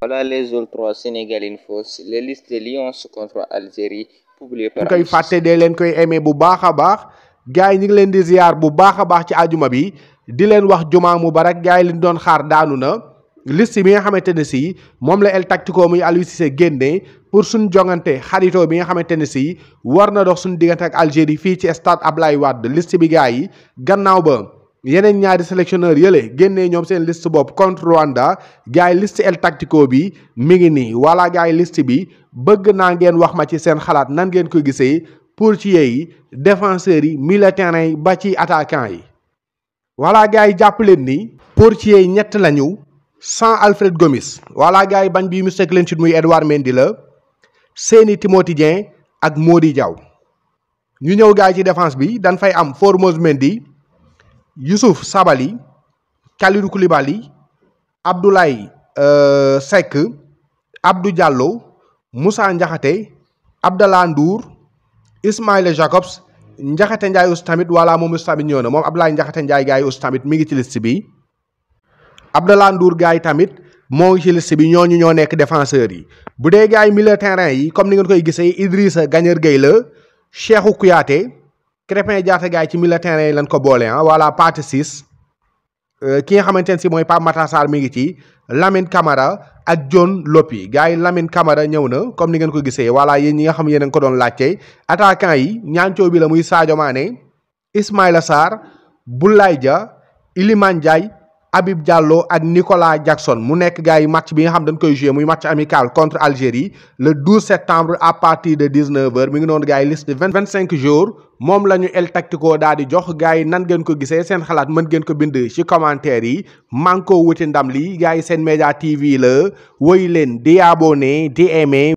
Voilà les autres Sénégal Info les listes de Lions contre Algérie publiées par. ñu il fait de leen koy aimer bu baax a baax gars yi ñu ngi leen di ziar bu baax a du ci Des bi di leen wax jumaa mubarak gars yi liñ doon xaar daanu na. liste bi nga xamante ne si moom la El Tactico muy lui c'est génne pour son jongante xaritoo bi nga xamante ne si war na dox suñ diggante Algérie fii ci stade Ablaye Wade liste bi gars yi gannaaw ba. yeneen ñaari sélectionneur yële génnee ñoom seen liste bopp contre Rwanda gars yi liste El Tactico bi mi ngi nii wala gars yi liste bi bëgg naa ngeen wax ma ci seen xalaat nan ngeen ko gisee portier yi défenseurs yi milieu terrain yi ba ci attaquant yi. wala gars yi jàpp leen ni portier yi ñett lañu sans Alfred Gomis wala gars yi bañ bii Mister Clean Sheet muy Edouard Mendy la seeni Timothy Dieng ak Mody Diaw ñu ñëw gars ci défense bi Dan fay am Formose Mendy. Youssouf sabali Kalidou Koulibaly Abdoulaye euh, Seck Abdou Diallo Moussa Ndiakhate Abdallah Ndour Ismaïla Jacobs Ndiakhate Ndiaye aussi tamit wala moom aussi tamit ñëw na moom Abdoulaye Ndiakhate Ndiaye gars yi aussi tamit mi ngi ci liste bi Abdallah nduur gars yi tamit moo ngi ci liste bi ñu ñoo nekk défenseurs yi bu dee gars yi milieu terrain yi comme ni ngeen koy gisee Idrissa Gana Gueye la Cheikhou Kouyaté Krépin Diatta gaay ci mille terrain yi lañ ko boole ah voilà euh, ki nga xamante ne si mooy Pape Matar mi ngi ci Lamine Camara ak John Lopy gars yi Lamine Camara ñëw na comme ni ngeen ko gisee voilà yéen ñi nga xam yéen a ngi ko doon laajte attaquant yi ñaancoo bi la muy Sadio Mané Ismaïla bu Boulaye Dia Iliman Ndiaye Habib Diallo ak Nicolas Jackson mu nekk gars yi match bi nga xam dañ koy joué muy match amical contre Algérie le 12 septembre à partir de 19h mi ngi noonu gars yi liste vingt vingt cinq jours moom la ñu El Tactico daal di jox gars yi nan ngeen ko gisee seen xalaat mën geen ko bind ci commentaire yi man koo wuti ndam li gars yi seen média TV la woy leen di abonné di aimé